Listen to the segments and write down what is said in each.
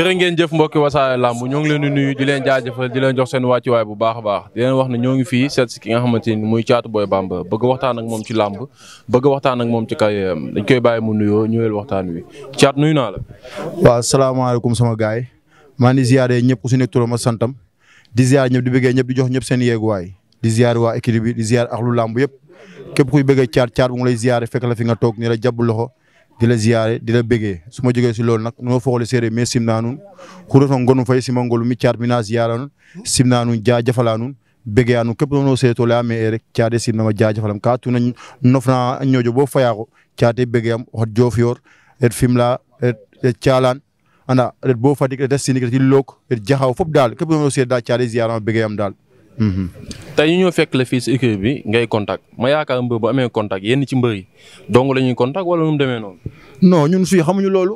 jërë ngeen jëf mbokki wasaare làmb ñoo ngi leen di nuyu di leen jaajëfal di leen jox seen wàccuwaay bu baax a baax di leen wax ne ñoo ngi fii seet si ki nga xamante ni muy Thiatou Boy Bambara bëgg waxtaan ak moom ci làmb bëgg waxtaan ak moom ci carrière am dañ koy bàyyi mu nuyoo ñëwel waxtaan wi Thiat nuyu naa la. waaw salaamaaleykum sama gaay maa ngi ziare ñëpp ku si nekk turam santam di ziare ñëpp di bëggee ñëpp di jox ñëpp seen yeeguwaay di ziare waa équipe bi di ziare axlu làmb yëpp képp kuy bëggee Thiat Thiat lay ziare fekk la fi nga toog ni la jàpp loxo di la ziyaare di la bégee su ma jógee si loolu nag no foxole séeréer mais simnaa nuun xuroto ngonu fay simangolu mi caat mi na ziyaara nuun simnaa nuun jaajafalaa nuun bégeya nuun képp no seeto laya me e rek caate simnama jaajafalam ka tuna nofna ñoojo bo fayaaxo caate bégeyam xot joofiyoor ret Fimela ret Thialane anda ret bo Fatick ret sinik ret i look ret jaxaw fop daal képp no seet daal caate ziyaarama bégeyam daal tey ñu ñëw fekk la fii si équipe bi ngay contact ma yaakaar mbër bu amee contact yenn ci mbër yi dong la ñuy contact wala nu mu demee noonu. non ñun fii xamuñu loolu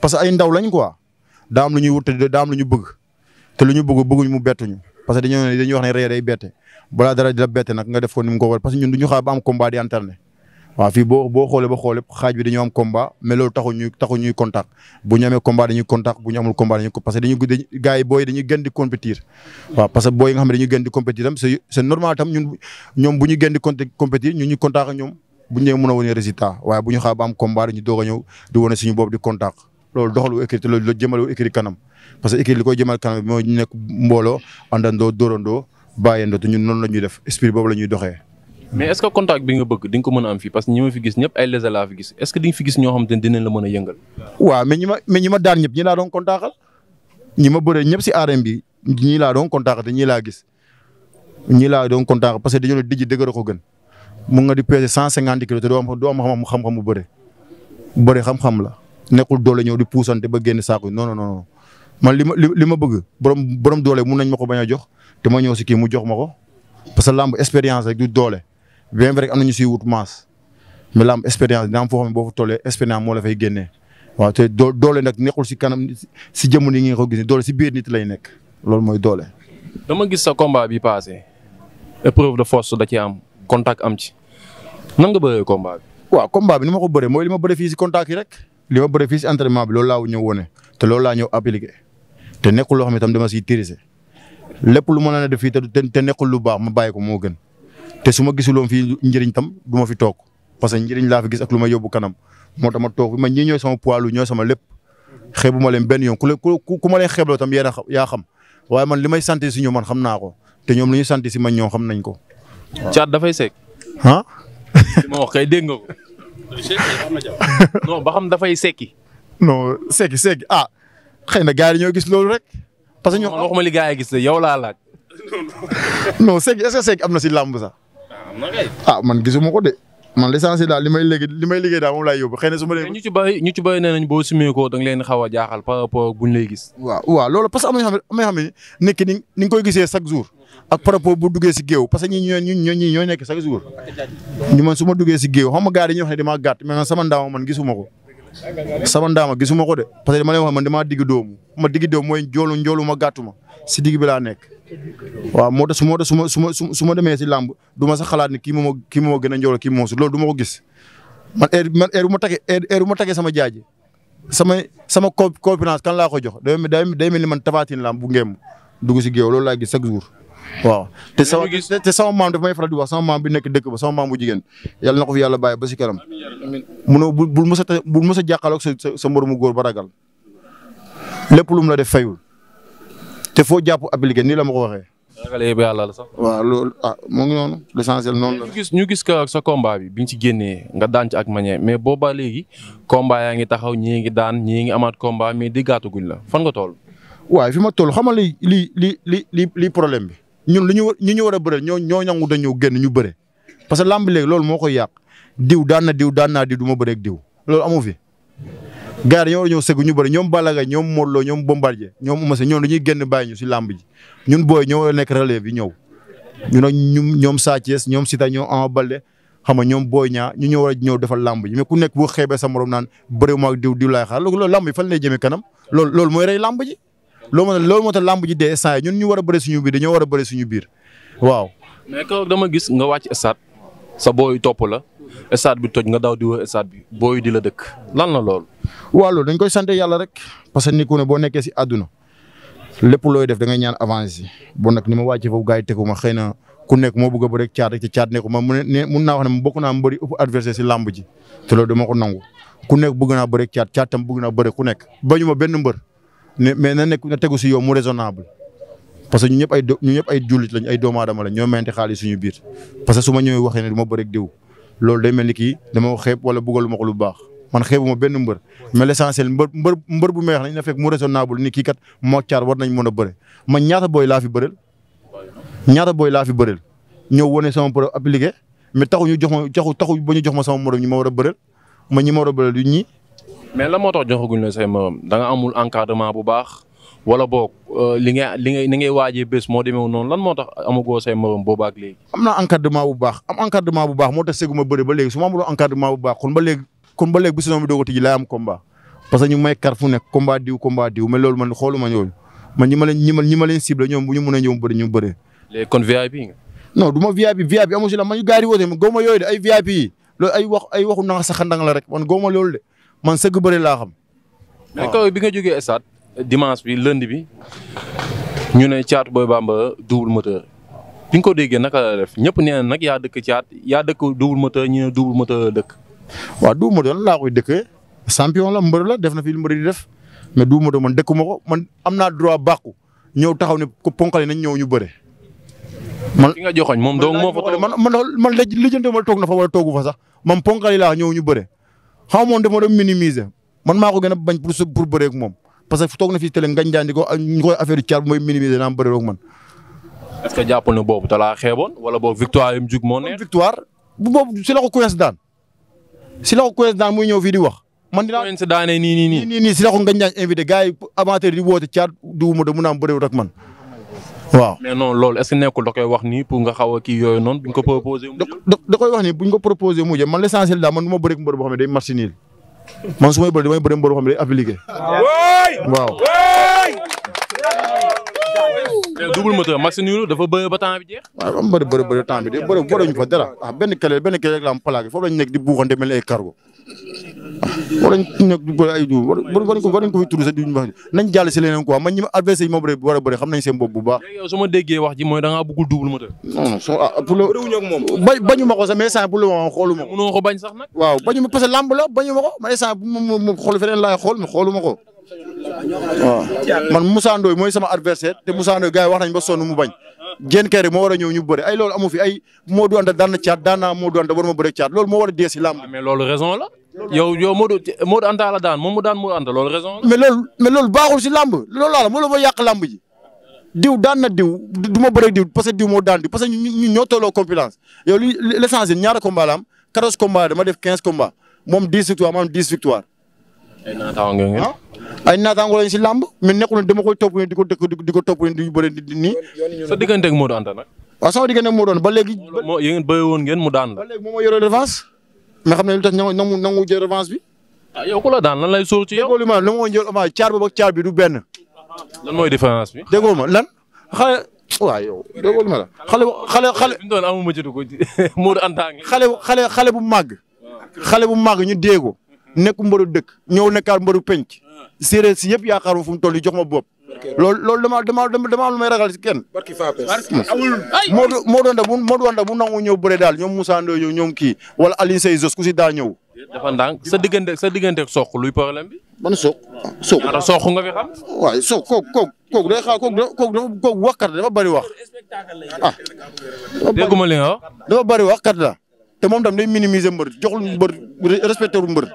parce que ay ndaw lañ quoi daa am lu ñuy wut daam daa bëgg te lu ñu bëgg bëgguñ mu bettuñu parce que dañoo dañuy wax ne ree day bette balaa dara di la bette nag nga def ko ni mu war parce ñun du ñu xaar ba am combat di internet waaw fi boo boo ba xool xaaj bi dañoo am combat mais loolu taxu contact bu ñu amee combat dañuy contact bu ñu amul combat dañuy parce que dañuy dañuy gars yi booy dañuy gën di compétir. waaw parce que booy nga xam ne dañuy gën di compétir tam c'est c'est normal tam ñun ñoom bu ñu gën di compétir ñun ñu contact ak ñoom bu ñu mën a wane résultat waaye bu ñu xaar ba am combat dañuy doog a ñëw di wane suñu bopp di contact. loolu doxalu écrit loolu la jëmale écrit kanam parce que écrit ñu noonu la ñuy def esprit boobu la ñuy doxee mais est-ce que contact bi nga bëgg di mën a am fii parce que ñi ma fi gis ñëpp ay lézards laa fi gis est-ce fi gis ñoo xam te ne la mën a yëngal. waaw mais ñi ma mais ñi ma daan ñëpp ñi laa doon contactal ñëpp si arène bi ñii laa doon contactal te laa gis ñii laa doon contactal parce que dañoo dijj dëgër ko gën mu nga di peser cent cinquante kilos doo am doo am xam-xam bu bëre bëre xam-xam la nekkul doole ñëw di puusante ba génn saako non non non man li ma li ma bëgg borom borom doole mun nañ ma ko bañ a jox te ma ñëw si kii mu jox ma ko parce que làmb expérience rek doole bien vrai am na ñu si wut masse mais la am expérience dina am foo xam ne boo fa tollee expérience moo la fay génnee waaw te doo doole nag nekkul si kanam si jëmm ni nga ko gis doole si biir nit lay nekk loolu mooy doole. dama gis sa combat bi passé épreuve de force da ci am contact am ci nan nga bëree combat bi. waaw combat bi ni ma ko bëree mooy li ma bëree fii si contact yi rek li ma bëree fii si entraînement bi loolu laa ñëw wone te loolu laa ñëw appliqué te nekkul loo xam ne tam dama siy tirise lépp lu ma la def fii te te nekkul lu baax ma bàyyi ko moo gën. te su ma gisuloon fi njëriñ tam du ma fi toog parce que njëriñ laa fi gis ak lu ma yóbbu kanam moo tama toog ma man ñii ñooy sama poids lu ñooy sama lépp xeebu ma leen benn yoon ku leen ku ma leen xeebloo tam yéen a yaa xam waaye man li may sant si ñoom man xam naa ko te ñoom li ñu sant si man ñoom xam nañ ko. caat dafay seeg. ah. li ma wax nga ko. dafay sekki. non sekki sekki ah, xëy na gars yi gis loolu rek. parce que ñoom waxuma li gars yi gis yow laa laaj. no sekki est que sekki am na si làmb sax. ah man gisuma ko de man l'essentiel daal li may liggéey li may liggéey daal moom laay yóbbu xëy na su ma dee. ñu ci bàyyi ñu ci bàyyi nee nañ boo sumee ko da leen xaw a jaaxal par rapport buñ lay gis. waaw waaw loolu parce gisee chaque jour ak par rapport bu duggee si géew parce que ñi ñooñu ñooñu ñooy nekk chaque jour man su ma duggee si géew xam nga gars yi ñuy wax ne damaa gàtt mais man gisuma ko sama ndaama gisuma ko de parce que dama leen wax man damaa digg doomu ma digg doomu mooy njoolu njoolu ma gàttu si digg bi laa nekk waaw moo tax su moo tax su ma su su ma demee si làmb du ma sax xalaat ni kii moom kii moom gën a kii moom su loolu du ma ko gis man heure man heure ma tagee heure bu ma tagee sama jaaji sama sama confiance kan laa ko jox day day mel ni man tabaatin làmb bu ngeem dugg si géew loolu laa gis chaque jour waaw te sama te sama maam dafa may faral di wax sama maam bi nekk dëkk ba sama maam bu jigéen yàlla na ko fi yàlla bàyyi ba si kanam munoo bul bul mës a bul mës a jàqaloog sa sa mu góor ba ragal lépp lu mu la def fayul te foo jàpp appliqué ni la ma ko waxee. ragal yëpp yàlla la sax. waaw loolu ah mu ngi noonu l'essentiel noonu la. ñu gis ñu gis que sa combat bi bi ñu ci génnee nga daan ci ak manière mais booba léegi combat yaa ngi taxaw ñii ngi daan ñii ngi amaat combat mais déggaatuguñ la fan nga toll. waaye fi ma toll xamal li li li li li problème bi ñun li ñu ñi ñu war a bëre ñoo ñoo ñangu dañoo génn ñu bëre parce que lamb léegi loolu moo koy yàq diw daan na diw daan naa diw du ma bëreeg diw fi. gars yi dañoo war a ñëw sëgg ñu bëri ñoom Balla Gaye ñoom Modou Lo ñoom Bombardier ñoom Eumeu Sène ñoom dañuy génn bàyyi ñu si làmb ji ñun booy ñoo nekk relève yi ñëw ñu nag ñum ñoom Sa ñoom Siteu ñoom Ama Baldé xam nga ñoom booy ñaa ñu ñëw war a ñëw defal làmb ji ku nekk boo xeebee sa morom naan bëriwu maag diw diw laay xaar loolu làmb ji lay jëmee kanam loolu loolu mooy làmb ji loolu moo loolu moo tax dee instant ñun ñu war a bëri suñu biir dañoo war a bëri suñu biir waaw mais keroog dama gis nga wàcc stade sa booy topp la stade bi toj nga daw di wër stade bi booy di la dëkk lan la lool waaw loolu dañ koy sant yàlla rek parce que ni ku boo nekkee si àdduna lépp looy def da ngay ñaan avancé bon nag ni ma wàccee foofu gars yi tegu xëy na ku nekk moo bëgg a bëri caat rek ci caat nekku ma mun ne bokk naa mbëri ëpp adversaire si làmb ji te loolu dama ko nangu ku nekk bëgg naa bëri caat caat tam benn mbër ne mais na nekk na tegu si yow mu raisonnable parce que ñu ñëpp ay ñu ñëpp ay ay doomu aadama lañ ñoo mente xaalis suñu biir parce que su ma ñëwee waxee ne du ma bëri diw loolu day mel ni kii dama xeeb wala bëggal ma ko lu baax man ma benn mbër ma l'essentiel mbër mbër mbër bu may wax nañ na fekk mu raisonnable ni kii kat moo caar war nañ mën a bëre man booy laa fi bëreel ñaata booy laa fi bëreel ñëw wane sama pro appliqué mais taxu ñu jox ma taxu taxu ba ñu jox ma sama morom ñi ma war a bëreel ma ñi ma war ñi mais la moo tax joxaguñ la say morom da nga amul encadrement bu baax wala boog euh, li ngay li ngay ni ngay waajee bés moo demee noonu lan moo tax amagoo say morom boobaak léegi am naa encadrement baax am encadrement bu baax moo tax seguma bëri ba léegi su ma amuloo encadrement bu baax kon ba léegi kon ba léegi bu saison bi doog a tijji laay am combat parce que ñu may kar fu nekk combat diw combat diw mais loolu man xooluma ñooñu ma leen ñi ma ñi ma leen ciblé ñoom bu ñu a ñëw ñu bëri. léegi kon VIP nga. non du ma VIP VIP amu si la man ñu gars yi woote man góoma loolu wax ay waxu naxa saxandang la rek man loolu de man sëgg bëri laa xam. mais kaw bi nga jógee stade dimance bi lundi bi ñu ne Thiatou Boy Bambara double moteur bi nga ko déggee naka la def ñëpp nee nag yaa dëkk Thiat yaa dëkk double moteur ñu ne double moteur dëkk waaw Double Moteur lan laa koy dëkkee champion la mbër la def na fi lu mbër di def mais Double Moteur man dëkkuma ko man am naa droit bàkku ñëw taxaw ne ko ponkale nañ ñëw ñu bëre. man ki nga joxoon moom dong moo fa man man man lijjanti toog na fa wala toogu fa sax man ponkale laa ñëw ñu bëre xaw ma woon dama doon minimiser man maa ko gën a bañ pour pour bëreeg moom parce que toog na fi télé ngañ jaandi ko ñu koy affaire caar mooy minimiser naa bëreeg man. est que jàppal boobu talaa xeeboon wala boobu victoire yi jug moo ne. bu boobu la ko coince daan si la ko président muy ñëw fii di wax. man dinaa leen nga ñaan invité gars yi di woote caat duwuma da mun a am bëriwul ak man waaw. mais non loolu est-ce que nekkul wax nii pour nga xaw kii yooyu noonu buñ wax nii buñ ko proposé mu jëm man l'essentiel daal man du ma bëri ak mbër boo xam ne day marché man su may bëri damay bëri mbër boo xam day appliqué. Ah, waaw. double moteur max nul dafa bëre ba temps bi jeex. de bëri bëriwuñu fa dara ah benn kële benn kële rek la am plaqué foofu lañ nekk ko war ko fi tudd sax duñ wax nañ jàll si leneen quoi man ñi ma adversaire yi ma war a bëri xam nañ seen bopp bu ah, sax mais waaw bañu ma parce que lamb la bañu ma ko man instant bu ma xool feneen laay ma ko waaw man Moussa Ndoye mooy sama adversaire te Moussa Ndoye gars yi wax bañ. Diène Kairé moo war a ñëw ñu bëre ay loolu amu fi ay Modou Anta daan na caat daan naa Modou Anta war ma loolu moo war a si làmb. mais loolu baaxul si làmb loolu laa la moo la ma ji. diw daan du ma bëre diw parce que diw moo daan diw ñaara combat la am 14 combat dama victoire maanaam 10 victoire. ay naataangoo lañ si làmb mais nekkul ne dama koy topp di ko dëkk di ko topp di bëri di nii. sa diggante ak Modou Anta nag. waaw sama diggante ak Modou Anta ba léegi. moo yéen bëri woon ngeen mu daan la. ba léegi moom moo yore revanche mais xam ne lu tax nangu nangu nangu jël revanche bi. ah yow ku la daan lan lay sóor ci yow. déggoo li ma la ma jël hommage caar boobu ak caar bi du benn. lan mooy différence bi. déggoo ma lan xale. waaw yow déggoo li ma la xale xale xale. fi mu toll amuma ci dugg Modou Anta ngi. xale xale xale bu màgg. xale bu màgg ñu déego nekk mbëru dëkk ñëw nekkaat mbëru penc séeréer si yëpp yaakaaru fu mu toll yi jox ma bopp. loolu loolu dama dama dama am lu may ragal si kenn. barki Fapes amul. Modou Modou Anta bu Modou Anta bu nangu ñëw bëre daal ñoom Moussa Ndoye ñëw ñoom kii wala Alioune Seye Jos ku si daa ñëw. dafa sa diggante sa diggante ak soq luy problème bi. man soq. soq ñaata nga fi xam. waaw soq kooku kooku kooku day xaar kooku dafa kooku wax kat dafa bari wax. ah. dégguma li nga wax. Ah. wax kat da te moom tam day minimiser mbër joxul mbër respecté wu mbër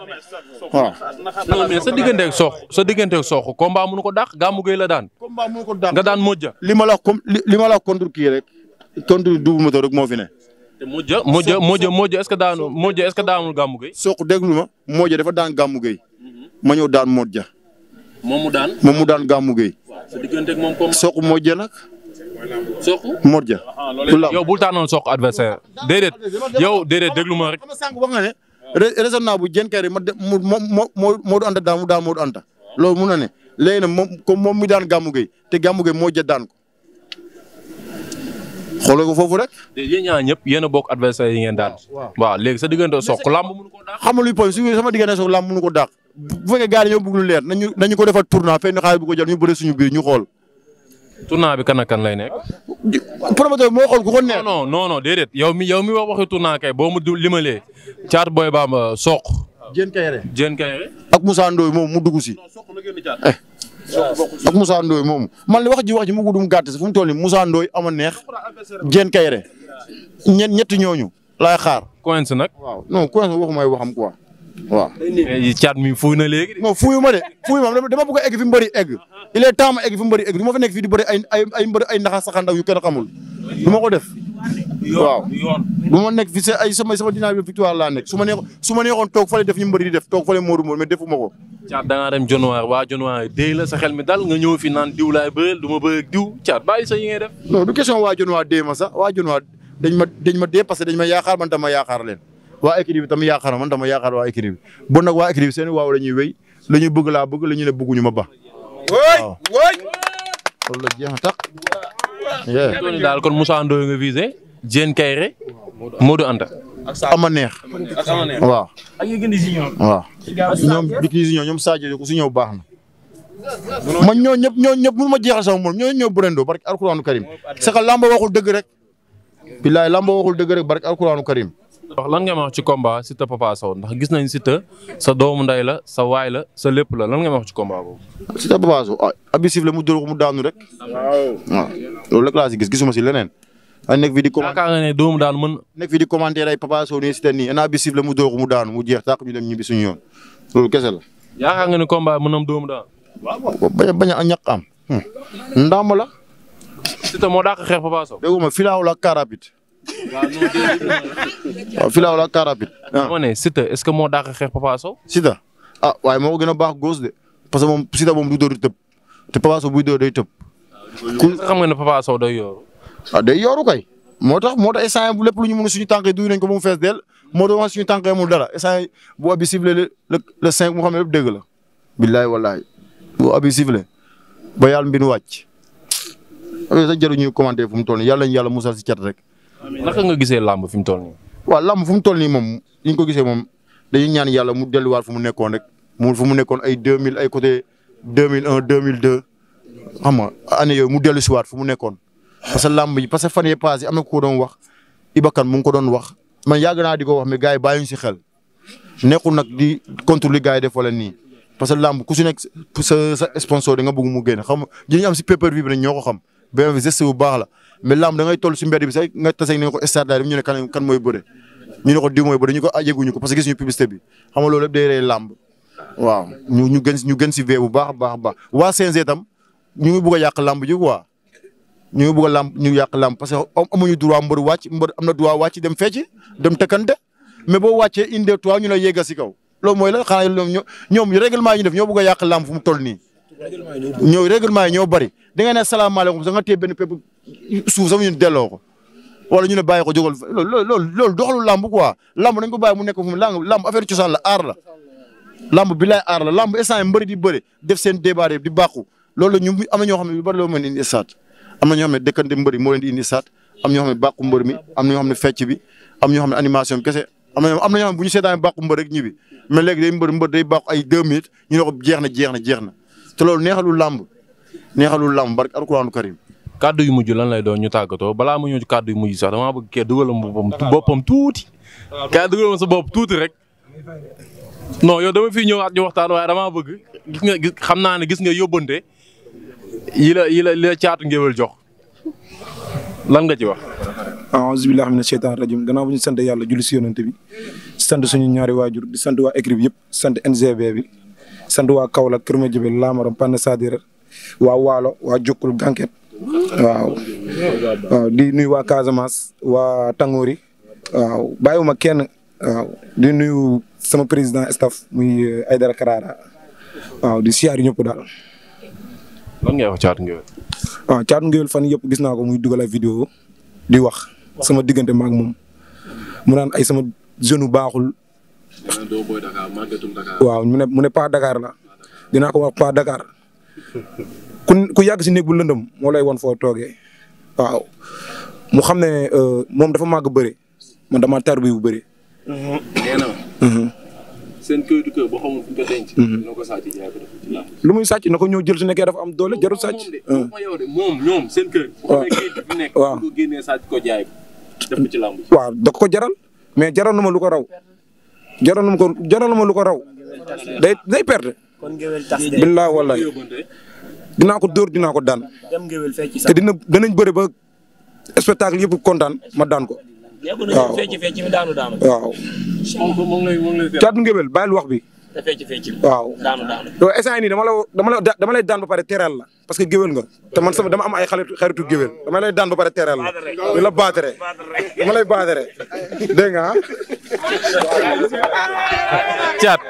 waaw. non sa diggante ak sa diggante ak Sokh combat mënu ko dàq Gamou Gueye la daan. combat mënu ko dàq nga daan Modja. li ma la li ma la rek contre double moteur rek moo fi ne. te Modja Modja Modja Modja est-ce que daanu Modja est-ce que daanul Gamou Gueye. Sokh ma Modja dafa daan Gamou Gueye mhm. ma daan Modja. moom mu daan moom mu daan Gamou Gueye. soq Modja. yow bul taanoon soq adversaire déedéet yow déedéet déglu ma rek. sànq wax nga ne raisonnement bu jën kër yi ma mu moo moo Modou Anta daan mu daan Modou Anta loolu mun na ne léegi nag moom comme moom mi daan Gamou Gueye te Gamou Gueye moo jë daan ko xoolal ko foofu rek. yéen ñaa ñëpp yéen a bokk adversaire yi ngeen daan. waaw léegi sa diggante soq lamb mënu ko dàq. xamul lu poñ sama diggante soq lamb mënu ko dàq bu fekkee gars yi ñoo bëgg lu leer nañu nañu ko defal tournoi fenn xaalis bu ko jël ñu bëri tournant bi kan ak kan lay nekk. promoteur moo xool ku ko neex. non non non déedéet yow mi yow mi wax waxi tournant kay boo ma limalee. Thiat Boy booy baa Diène Kairé Diène Kairé. ak Moussa Ndoye moom mu dugg si. Eh. ak Moussa Ndoye moom man li wax ji wax ji mu guddum gàtt si fu mu toll nii Moussa ama neex. Diène Kairé ñett ñetti ñooñu laay xaar. Coins nag. waaw non Coins waxumay waxam quoi. waaw. caat eh, mi fuuy na léegi. non fuuy ma de fuuy ma dama bëgg a egg fi mbëri egg il est temps ma egg fi mbëri egg du ma nekk fii di bëri ay ay ay mbëri ay naxa saxandaw yu kenn xamul du ma ko def. waaw du ma nekk fi sa ay sama sama dinaa nekk su ma neexoon su ma neexoon toog fale def ñu mbëri di def toog fale caat da ngaa waa januar déy la sa xel mi dal nga ñëw fi naan diw laay bëreel du ma bëreeg diw caat bàyyi sa yi ngay def. non du question waa januar déy ma sax waa januar dañ ma ma dee parce que ma yaakaar man dama yaakaar leen waa équipe bi tamit yaakaar man dama yaakaar waa équipe bi bon nag waa équipe bi seen waaw la ñuy wéy la ñu bëgg laa bëgg la ñu ne bëgguñu ma ba. waaw loolu la jeex na tax. dooni daal kon Moussa Ndoye nga visé Diène Kairé Modou Anta. ama neex. ak ama neex waaw. ak yéen gën si ñoom. waaw ñoom si ñoom ñoom baax na. ma ñoo ñëpp ñoo ñëpp mënu ma jeexal sama moom ñoo ñëw Brendo barke alquranu karim sax lamba waxul dëgg rek. billaay lamba waxul dëgg rek barke alquranu karim wax lan nga ma wax ci combat Siteu Papa Sow ndax gis nañ Siteu sa doomu nday la sa waay la sa lépp la lan nga ma wax ci combat boobu. Siteu Papa ah, la mu mu daanu rek. waaw waaw ah, loolu laa si gis gisuma si leneen. ay nekk di commenté nga ne doomu daal mën. nekk fii di commenté ay Papa Sow nii Siteu nii ana la mu dóor ko mu daanu mu jeex tàq ñu dem ñibbi suñu yoon loolu kese la. yaakaar nga ne combat mën am doomu daal. waaw waaw bañ a bañ a ñàkk am. Hmm. ndam la. Siteu moo dàq xeex Papa Sow. dégg nga fii laa wala carapit waaw filaaw la ak est-ce que moo dàq xeex Papa Sow. Siteu ah waaye moo gën a baax góos de parce que moom Siteu moom du dóor di tëb te Papa Sow buy dóor day tëb. ku xam nga ne Papa Sow day yooru. ah day yooru kay moo tax moo tax instant bu lépp lu ñu mën suñu tànk yi duy nañ ko ba mu fees dell moo tax suñu tànk yi amul dara instant bu abi sifflé le le cinq mu xam ne lépp dëgg la. billaay wallaay bu abi sifflé ba yàlla mbinu wàcc. loolu sax jaruñu commenté fu mu toll yàlla yàlla musal si cat rek. naka nga gisee làmb fi mu toll nii. waaw làmb fu mu toll nii moom li ñu ko gisee moom dañuy ñaan yàlla mu delluwaat fu mu nekkoon rek mu fu mu nekkoon ay 2000 ay côté 2001 2002 xam nga année mu dellu si waat fu mu nekkoon. parce que làmb yi parce que fan yii passé am na ko doon wax Ibakan mu ngi ko doon wax man yàgg naa di ko wax mais gars yi bàyyiwuñ si xel nekku nag di contrôler gars yi def wala nii. parce que làmb ku si nekk sa sa sponsor da nga bëgg mu génn xam nga li ñu am si pay per bi nag ñoo xam beneen bi geste bu baax la mais lamb da ngay toll si mbedd bi sax nga tase ne ko stade daal ñu ne kan kan mooy bëre ñu ne ko diw mooy bëre ñu ko ah, yëguñu ko parce que gisuñu publicité bi xam nga loolu lépp day rey lamb waaw ñu ñu gën ñu gën si vee bu baax a baax baax waa CNG itam ñu ngi bëgg a yàq lamb ji quoi ñu ngi bëgg a lamb ñu yàq lamb parce que amuñu droit mbër wàcc mbër am na droit wàcc dem fecc dem tëkkante mais boo wàccee une deux trois ñu lay yéegal si kaw loolu mooy la xanaa ñoom ñoom règlement yi ñu def ñoo bëgg a yàq lamb fu mu toll nii ñoo règlement yi ñoo bëri da nga ne salaamaaleykum sax nga téye benn pepp suuf sama ñun delloo ko wala ñu ne bàyyi ko jógal loolu loolu loolu doxalu làmb quoi làmb dañ ko bàyyi mu nekk fu mu làmb affaire cosaan la aar la. làmb bi laay aar la làmb instant yi mbëri di bëri def seen débat di bàqu loolu la ñu am na ñoo xam ne lu bëri la moo leen di indi saat am na ñoo xam ne dëkkante mbëri moo leen di indi saat am ñoo xam ne bàqu mbër am na ñoo xam ne fecc bi xam ne animation bi am na am na ñoo xam ne bu rek ñibbi mais léegi day mbër mbër day bàqu ay deux minutes ñu ne ko jeex na jeex na jeex na te loolu neexalul làmb neexalul làmb barke alquraanu karim kàddu yu mujj lan lay doon ñu tàggatoo balaa mu ñëw kàddu yu mujj sax damaa bëgg kee dugalam boppam boppam tuuti. kay dugalam sa bopp tuuti rek. non yow dama fi ñëwaat ñu waxtaan waa damaa bëgg gis gis xam naa ne gis nga yóbbante yi la la li la caatu ngéwél jox lan nga ci wax. aouzu billahi mina sheytaani rajim gannaaw bu ñu sant yàlla julli si yonent bi sant suñu ñaari waajur di sant waa équipe bi yëpp sant NGB bi sant waa kawla Kër Madiabel Lamara Pane Sadira waa Waalo waa Jokkul Ganket waaw di nuyu waa Casamance waa Tangori waaw bàyyiwuma kenn waaw di nuyu sama président staf muy eh, Aydara Karara waaw di siyaar ñëpp daal. lan ngay wax Thiatou fan yëpp gis naa ko muy dugal ay vidéo di wax sama diggante maak moom mu naan ay sama jeune baaxul. waaw mu ne mu ne pas Dakar la dinaa ko wax pas Dakar. ku ku yàgg si néeg bu lëndëm moo lay won foo toogee waaw mu xam ne euh, moom dafa màgg bëri man dama tar bi bu mhm. mhm. mhm. lu muy sàcc na ko ñëw jël su nekkee dafa am doole jarul sàcc. moom moom waaw bu ko jaay ko def ko ci làmb. waaw jaral mais jaral na ma lu ko raw jaral na ko jaral na ma lu ko raw day day perte. kon ngeen dinaa ko dóor dinaa ko daan. dem ngéwél te dina danañ bëri ba spectacle yëpp kontaan ma daan ko. waaw fecc fecc mi daanu wax bi. waaw daanu daanu. yow dama la dama la dama lay daan ba pare teral la parce que géwél nga te man sama dama am ay xaritu xaritu géwél dama lay daan ba pare teral la. ñu baatere dama lay caat.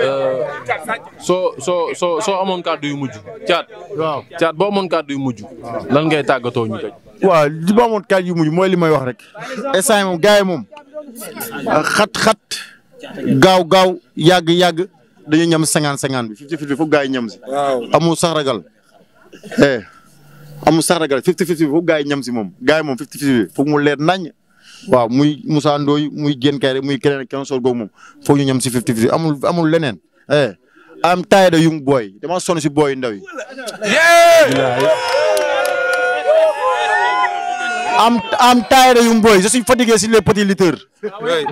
Euh, soo soo soo soo amoon kàddu yu mujj caat. boo amoon kàddu yu mujj. lan ngay tàggatoo ñu tëj. waaw amoon kàddu yu mujj mooy li may wax rek. instant moom gars yi moom xat-xat gaaw gaaw yàgg yàgg dañuy ñam cinquante cinquante bi fifty fifty yi ñam si. amul sax ragal. Eh, amul sax ragal fifty fifty foofu ñam si moom gars moom fifty fifty foofu mu leer nañ waaw muy musaandooy Ndoye muy Diène Kairé muy keneen ak keneen soog googu moom foog ñu ñam si fifty fifty amul leneen. am eh, taay da yung booy dama sonn si booy ndaw yi. am am taay da yung booy je suis fatigué si les petits lutteurs.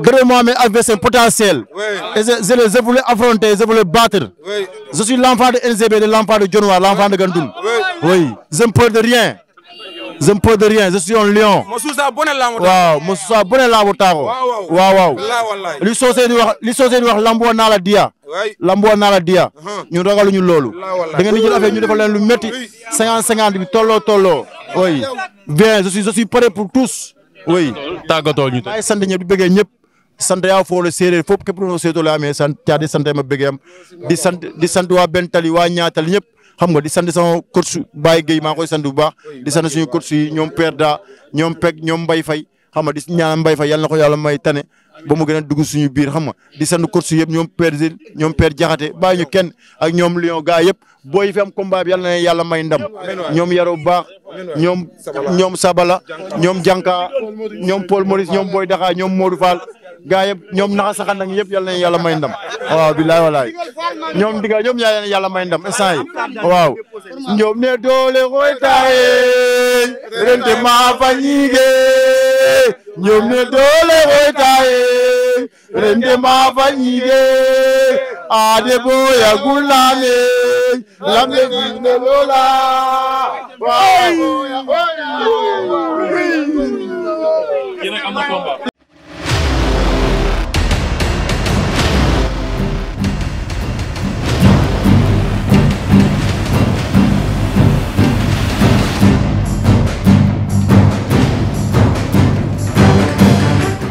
vraiment mais avec seen potentiel. et je je les je voulais affronter je voulais battre. je suis l' de NGB de l' de Dionewar l' de Gandoul. oui je ne peur rien. je ne peux de rien je suis un lion. waaw Moussa Bonne laabu taako. waaw waaw li wax li soosee di wax lamboo naa la diya. lamboo naa la diya. Uh-huh. ñu ragaluñu loolu. da ngeen di jël affaire ñu defal leen lu métti. cinquante cinquante bi tolloo tolloo. oui bien je suis je suis prêt pour tous. oui tàggatoo ñu. maay sant ñëpp di bëggee ñëpp. sant yaa foole séeréer fop képp ku nekk séetoo la amee di sant ma bëggee am. di sant di sant waa Bentali waa Ñaatali ñëpp. xam nga di sant sama coach Baye Gueye maa ngi koy sant bu baax di sant suñu coach yi ñoom Perda ñoom Peg ñoom Mbaye fay xam nga di ñaanal Mbaye Faye yàlla na ko yàlla may tane ba mu gën dugg suñu biir xam nga di sant coach yëpp ñoom Père Zil ñoom Père Jaxate bàyyi ñu kenn ak ñoom Lion gaa yëpp booy fi am combat bi yàlla na yàlla may ndam ñoom Yaro baax ñoom ñoom Sabala ñoom Janka ñoom Paul Maurice ñoom Boy Daxa ñoom Modou Fall gaa yëpp ñoom naxa saxan nag yëpp yal na yàlla may ndam waaw bilaay walaay ñoom diga ñoom ñaa leen yàlla may ndam instant waaw ñoom ne doole koy taye rente ma fañige ñoom ne doole koy taye rente ma fañige ade boya gulame lambe ne lola waaw